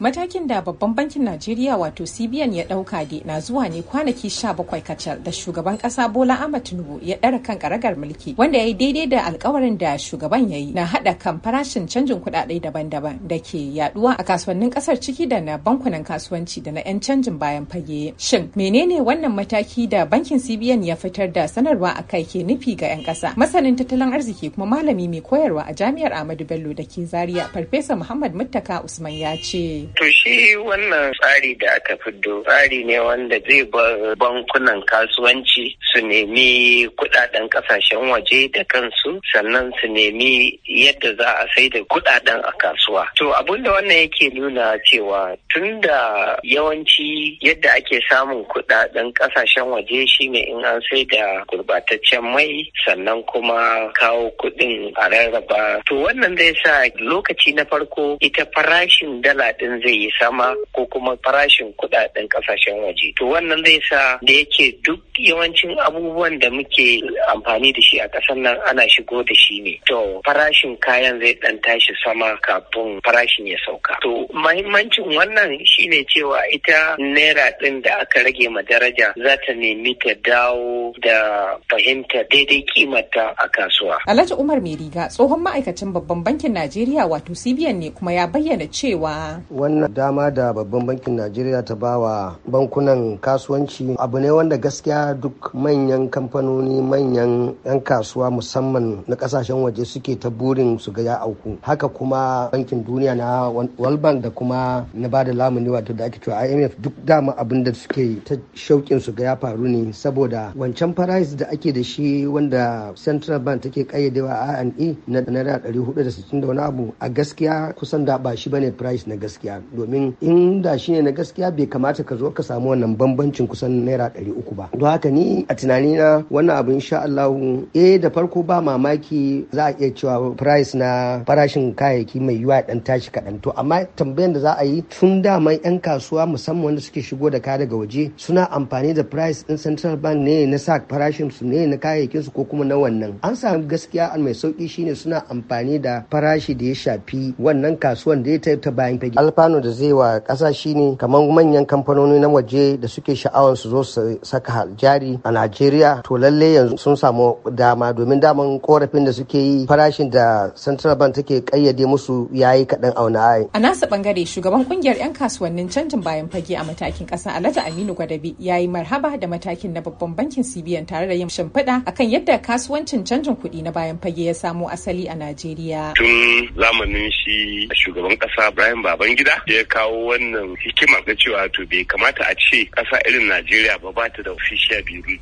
Matakin da babban bankin Najeriya wato CBN ya ɗauka de na zuwa ne kwanaki 17 kacal da shugaban ƙasa Bola Ahmed Tinubu ya ɗara kan karagar mulki wanda ya yi daidai da alkawarin da shugaban ya yi na haɗa kan farashin canjin kuɗaɗe daban-daban da ke yaɗuwa a kasuwannin ƙasar ciki da na bankunan kasuwanci da na 'yan canjin bayan fage. Shin menene wannan mataki da bankin CBN ya fitar da sanarwa a kai ke nufi ga 'yan ƙasa? Masanin tattalin arziki kuma malami mai koyarwa a jami'ar Ahmadu Bello da ke Zaria Farfesa Muhammad Muttaka Usman ya ce. To shi wannan tsari da aka fiddo tsari ne wanda zai bar bankunan kasuwanci su nemi kudaden kasashen waje da kansu sannan su nemi yadda za a sai da kudaden a kasuwa. To abin da wannan yake nuna cewa tun da yawanci yadda ake samun kudaden kasashen waje shine in an sai da gurbataccen mai sannan kuma kawo kudin a rarraba. To wannan zai sa lokaci na farko ita farashin dala din zai yi sama ko kuma farashin kudaden kasashen waje to wannan zai sa da yake duk yawancin abubuwan da muke amfani da shi a ƙasar nan ana shigo da shi ne to farashin kayan zai dan tashi sama kafin farashin ya sauka to mahimmancin wannan shine cewa ita naira din da aka rage ma daraja za ta nemi ta dawo da fahimta daidai ta a kasuwa alhaji umar mai tsohon ma'aikacin babban bankin najeriya wato cbn ne kuma ya bayyana cewa wannan dama da babban bankin najeriya ta bawa bankunan kasuwanci abu ne wanda gaskiya duk manyan kamfanoni manyan 'yan kasuwa musamman na kasashen waje suke ta burin su ga ya auku haka kuma bankin duniya na world bank da kuma na da lamuni wato da ake cewa imf duk dama abin da suke ta shauƙin su ga ya faru ne saboda wancan price da ake da shi wanda central bank take kayyadewa a e na naira 460 da wani abu a gaskiya kusan da ba shi bane price na gaskiya domin in da shi ne na gaskiya bai kamata ka zo ka samu wannan bambancin kusan naira ɗari uku ba don haka ni a tunani na wannan abu insha Allah e eh, da farko ba mamaki za a iya cewa price na farashin kayayyaki mai yiwa dan tashi kaɗan to amma tambayan da za a yi tun dama yan kasuwa musamman wanda suke shigo da kaya daga waje suna amfani da price din central bank ne na sa farashin su ne na kayayyakin su ko kuma na wannan an samu gaskiya mai sauki shine suna amfani da farashi da ya shafi wannan kasuwan da ya ta bayan fage alfa kwano da zai wa ƙasa shine kamar manyan kamfanoni na waje da suke sha'awar su zo su saka jari a Najeriya to lalle yanzu sun samu dama domin daman korafin da suke yi farashin da Central Bank take kayyade musu yayi kaɗan auna A nasa bangare shugaban kungiyar 'yan kasuwannin canjin bayan fage a matakin ƙasa Alhaji Aminu Gwadabi ya yi marhaba da matakin na babban bankin CBN tare da yin shimfiɗa akan yadda kasuwancin canjin kuɗi na bayan fage ya samo asali a Najeriya. Tun zamanin shi shugaban ƙasa Ibrahim Babangida da ya kawo wannan hikima ga cewa to bai kamata a ce ƙasa irin Najeriya ba ba ta da official bureau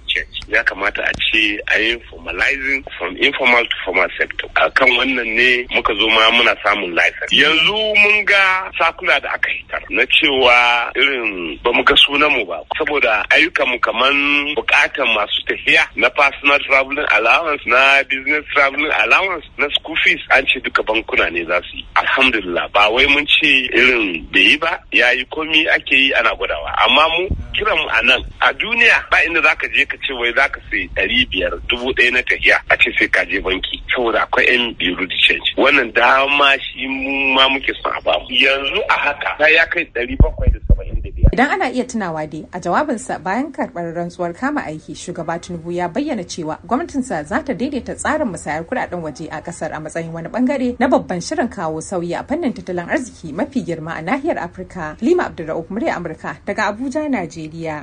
ya kamata a ce a yi formalizing from informal to formal sector a kan wannan ne muka zo ma muna samun license yanzu mun ga sakula da aka yi na cewa irin ba mu ga sunan mu ba saboda ayyukan mu kaman bukatan masu tafiya. na personal traveling allowance na business traveling allowance na school fees an ce duka bankuna ne za su yi alhamdulillah ba wai mun ce irin bai yi ba ya yi komi ake yi ana gwadawa amma mu kiran mu a nan a duniya ba inda za ka je ka ce wai za ka sai ɗari biyar dubu ɗaya na tafiya. a ce sai ka je banki saboda akwai yan biyu change wannan dama shi mu ma muke son a bamu yanzu a haka kai ɗari bakwai da saba'in da biyar. Idan ana iya tunawa dai a jawabinsa bayan karɓar rantsuwar kama aiki shugaba Tinubu ya bayyana cewa gwamnatinsa za ta daidaita tsarin musayar kuɗaɗen waje a ƙasar a matsayin wani ɓangare na babban shirin kawo sauyi a fannin tattalin arziki mafi girma a nahiyar Afirka. Lima Abdulrahman Murya Amurka daga Abuja, Najeriya.